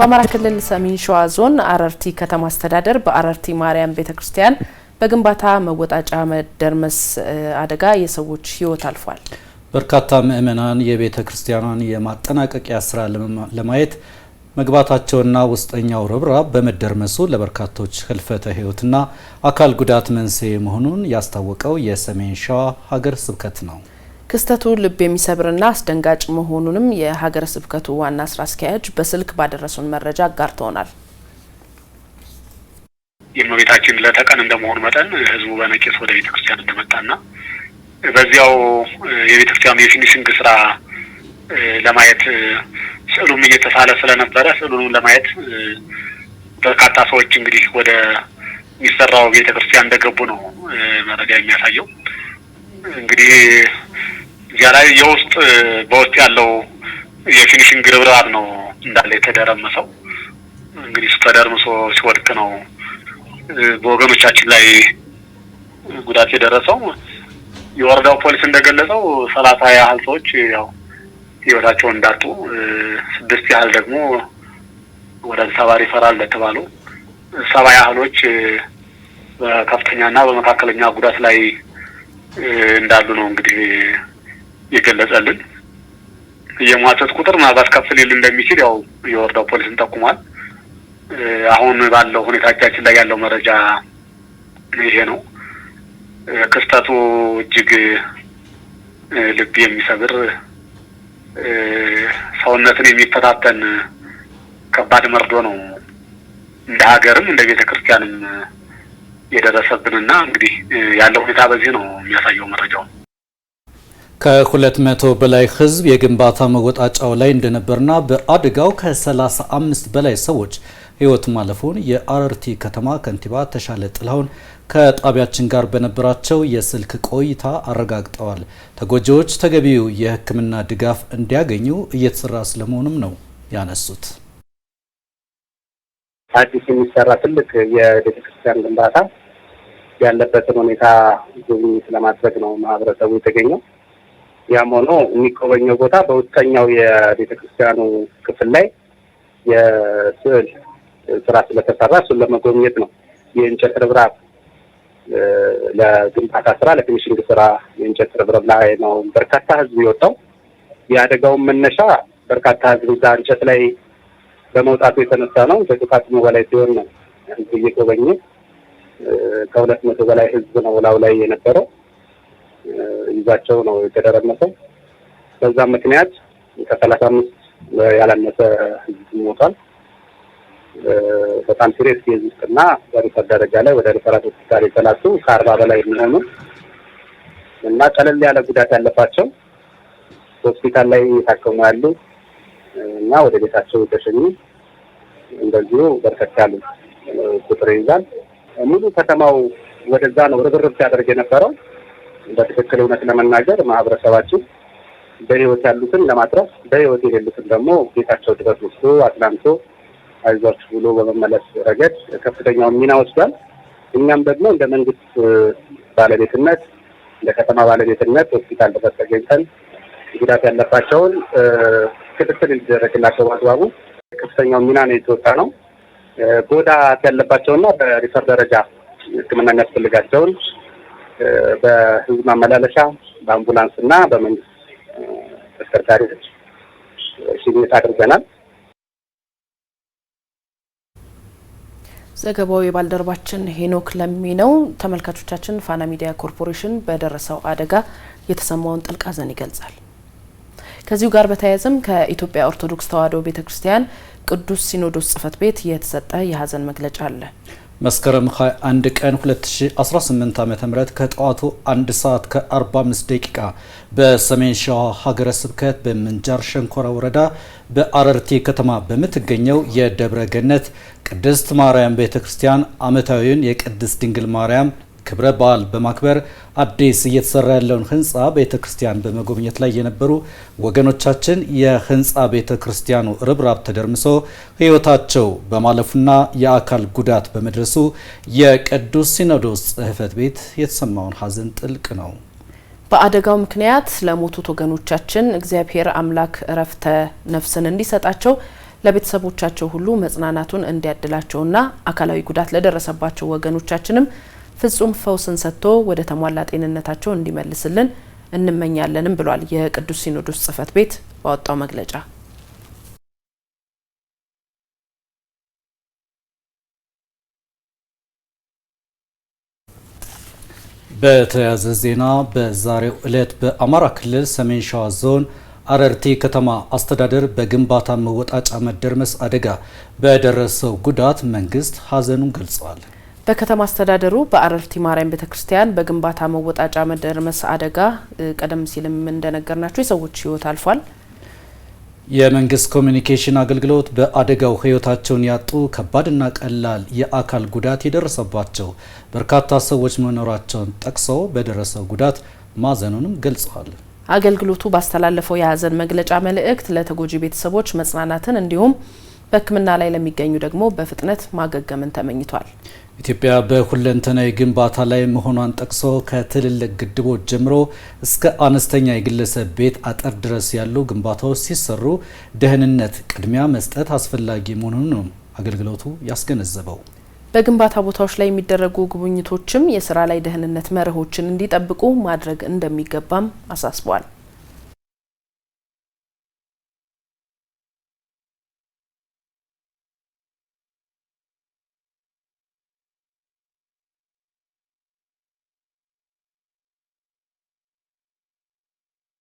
በአማራ ክልል ሰሜን ሸዋ ዞን አረርቲ ከተማ አስተዳደር በአረርቲ ማርያም ቤተ ክርስቲያን በግንባታ መወጣጫ መደርመስ አደጋ የሰዎች ህይወት አልፏል። በርካታ ምዕመናን የቤተ ክርስቲያኗን የማጠናቀቂያ ስራ ለማየት መግባታቸውና ውስጠኛው ርብራብ በመደርመሱ ለበርካቶች ህልፈተ ህይወትና አካል ጉዳት መንስኤ መሆኑን ያስታወቀው የሰሜን ሸዋ ሀገር ስብከት ነው። ክስተቱ ልብ የሚሰብርና አስደንጋጭ መሆኑንም የሀገረ ስብከቱ ዋና ስራ አስኪያጅ በስልክ ባደረሱን መረጃ አጋርተውናል። የእመቤታችን ዕለተ ቀን እንደመሆኑ መጠን ህዝቡ በነቂስ ወደ ቤተክርስቲያን እንደመጣና በዚያው የቤተክርስቲያኑ የፊኒሽንግ ስራ ለማየት ስዕሉም እየተሳለ ስለነበረ ስዕሉን ለማየት በርካታ ሰዎች እንግዲህ ወደ የሚሰራው ቤተክርስቲያን እንደገቡ ነው መረጃ የሚያሳየው። እንግዲህ እዚያ ላይ የውስጥ በውስጥ ያለው የፊኒሽንግ ርብርብ ነው እንዳለ የተደረመሰው። እንግዲህ ተደርምሶ ሲወድቅ ነው በወገኖቻችን ላይ ጉዳት የደረሰው። የወረዳው ፖሊስ እንደገለጸው ሰላሳ ያህል ሰዎች ያው ህይወታቸውን እንዳጡ፣ ስድስት ያህል ደግሞ ወደ አዲስ አበባ ሪፈራል እንደተባሉ፣ ሰባ ያህሎች በከፍተኛና በመካከለኛ ጉዳት ላይ እንዳሉ ነው እንግዲህ የገለጸልን። የሟቾች ቁጥር ምናልባት ከፍ ሊል እንደሚችል ያው የወረዳው ፖሊስን ጠቁሟል። አሁን ባለው ሁኔታ እጃችን ላይ ያለው መረጃ ይሄ ነው። ክስተቱ እጅግ ልብ የሚሰብር ሰውነትን የሚፈታተን ከባድ መርዶ ነው። እንደ ሀገርም እንደ ቤተ ክርስቲያንም የደረሰብንና እንግዲህ ያለው ሁኔታ በዚህ ነው የሚያሳየው መረጃው። ከሁለት መቶ በላይ ህዝብ የግንባታ መወጣጫው ላይ እንደነበርና በአደጋው ከ35 በላይ ሰዎች ህይወት ማለፉን የአረርቲ ከተማ ከንቲባ ተሻለ ጥላሁን ከጣቢያችን ጋር በነበራቸው የስልክ ቆይታ አረጋግጠዋል። ተጎጂዎች ተገቢው የሕክምና ድጋፍ እንዲያገኙ እየተሰራ ስለመሆኑም ነው ያነሱት። አዲስ የሚሰራ ትልቅ የቤተክርስቲያን ግንባታ ያለበትን ሁኔታ ጉብኝት ለማድረግ ነው ማህበረሰቡ የተገኘው። ያም ሆኖ የሚጎበኘው ቦታ በውስጠኛው የቤተ ክርስቲያኑ ክፍል ላይ የስዕል ስራ ስለተሰራ እሱን ለመጎብኘት ነው። የእንጨት ርብራብ ለግንባታ ስራ፣ ለፊኒሽንግ ስራ የእንጨት ርብራብ ላይ ነው በርካታ ህዝብ የወጣው። የአደጋውን መነሻ በርካታ ህዝብ እዛ እንጨት ላይ በመውጣቱ የተነሳ ነው። ከጥቃቱ በላይ ሲሆን ነው ህዝብ እየጎበኘ ከሁለት መቶ በላይ ህዝብ ነው ላው ላይ የነበረው። ይዟቸው ነው የተደረመሰው። በዛም ምክንያት ከሰላሳ አምስት ያላነሰ ህዝብ ሞቷል። በጣም ሲሪየስ ኬዝ ውስጥና በሪፈር ደረጃ ላይ ወደ ሪፈራት ሆስፒታል የተላኩ ከአርባ በላይ የሚሆኑ እና ቀለል ያለ ጉዳት ያለባቸው ሆስፒታል ላይ የታከሙ ያሉ እና ወደ ቤታቸው የተሸኙ እንደዚሁ በርከት ያሉ ቁጥር ይዛል። ሙሉ ከተማው ወደዛ ነው ርብርብ ሲያደርግ የነበረው። በትክክል እውነት ለመናገር ማህበረሰባችን በህይወት ያሉትን ለማትረፍ በህይወት የሌሉትን ደግሞ ቤታቸው ድረስ ወስዶ አጽናንቶ አይዟችሁ ብሎ በመመለስ ረገድ ከፍተኛውን ሚና ወስዷል። እኛም ደግሞ እንደ መንግስት ባለቤትነት እንደ ከተማ ባለቤትነት ሆስፒታል ድረስ ተገኝተን ጉዳት ያለባቸውን ክትትል እንዲደረግላቸው በአግባቡ ከፍተኛው ሚና ነው የተወጣ ነው። ጉዳት ያለባቸውና በሪፈር ደረጃ ሕክምና የሚያስፈልጋቸውን በህዝብ ማመላለሻ በአምቡላንስ እና በመንግስት ተሽከርካሪዎች ሽኝት አድርገናል። ዘገባው የባልደረባችን ሄኖክ ለሚ ነው። ተመልካቾቻችን ፋና ሚዲያ ኮርፖሬሽን በደረሰው አደጋ የተሰማውን ጥልቅ ሐዘን ይገልጻል። ከዚሁ ጋር በተያያዘም ከኢትዮጵያ ኦርቶዶክስ ተዋሕዶ ቤተ ክርስቲያን ቅዱስ ሲኖዶስ ጽሕፈት ቤት የተሰጠ የሐዘን መግለጫ አለ። መስከረም 21 ቀን 2018 ዓ.ም ከጠዋቱ 1 ሰዓት ከ45 ደቂቃ በሰሜን ሸዋ ሀገረ ስብከት በምንጃር ሸንኮራ ወረዳ በአረርቲ ከተማ በምትገኘው የደብረ ገነት ቅድስት ማርያም ቤተ ክርስቲያን ዓመታዊውን የቅድስት ድንግል ማርያም ክብረ በዓል በማክበር አዲስ እየተሰራ ያለውን ህንፃ ቤተ ክርስቲያን በመጎብኘት ላይ የነበሩ ወገኖቻችን የህንፃ ቤተ ክርስቲያኑ ርብራብ ተደርምሶ ህይወታቸው በማለፉና የአካል ጉዳት በመድረሱ የቅዱስ ሲኖዶስ ጽህፈት ቤት የተሰማውን ሀዘን ጥልቅ ነው። በአደጋው ምክንያት ለሞቱት ወገኖቻችን እግዚአብሔር አምላክ እረፍተ ነፍስን እንዲሰጣቸው ለቤተሰቦቻቸው ሁሉ መጽናናቱን እንዲያድላቸውና አካላዊ ጉዳት ለደረሰባቸው ወገኖቻችንም ፍጹም ፈውስን ሰጥቶ ወደ ተሟላ ጤንነታቸው እንዲመልስልን እንመኛለንም ብሏል የቅዱስ ሲኖዶስ ጽሕፈት ቤት ባወጣው መግለጫ። በተያያዘ ዜና በዛሬው ዕለት በአማራ ክልል ሰሜን ሸዋ ዞን አረርቲ ከተማ አስተዳደር በግንባታ መወጣጫ መደርመስ አደጋ በደረሰው ጉዳት መንግስት ሐዘኑን ገልጸዋል። በከተማ አስተዳደሩ በአረርቲ ማርያም ቤተ ክርስቲያን በግንባታ መወጣጫ መደርመስ አደጋ ቀደም ሲልም እንደነገርናቸው የሰዎች ህይወት አልፏል። የመንግስት ኮሚኒኬሽን አገልግሎት በአደጋው ህይወታቸውን ያጡ ከባድና ቀላል የአካል ጉዳት የደረሰባቸው በርካታ ሰዎች መኖራቸውን ጠቅሰው በደረሰው ጉዳት ማዘኑንም ገልጸዋል። አገልግሎቱ ባስተላለፈው የሀዘን መግለጫ መልእክት ለተጎጂ ቤተሰቦች መጽናናትን እንዲሁም በሕክምና ላይ ለሚገኙ ደግሞ በፍጥነት ማገገምን ተመኝቷል። ኢትዮጵያ በሁለንተናዊ ግንባታ ላይ መሆኗን ጠቅሶ ከትልልቅ ግድቦች ጀምሮ እስከ አነስተኛ የግለሰብ ቤት አጥር ድረስ ያሉ ግንባታዎች ሲሰሩ ደህንነት ቅድሚያ መስጠት አስፈላጊ መሆኑን ነው አገልግሎቱ ያስገነዘበው። በግንባታ ቦታዎች ላይ የሚደረጉ ጉብኝቶችም የስራ ላይ ደህንነት መርሆችን እንዲጠብቁ ማድረግ እንደሚገባም አሳስቧል።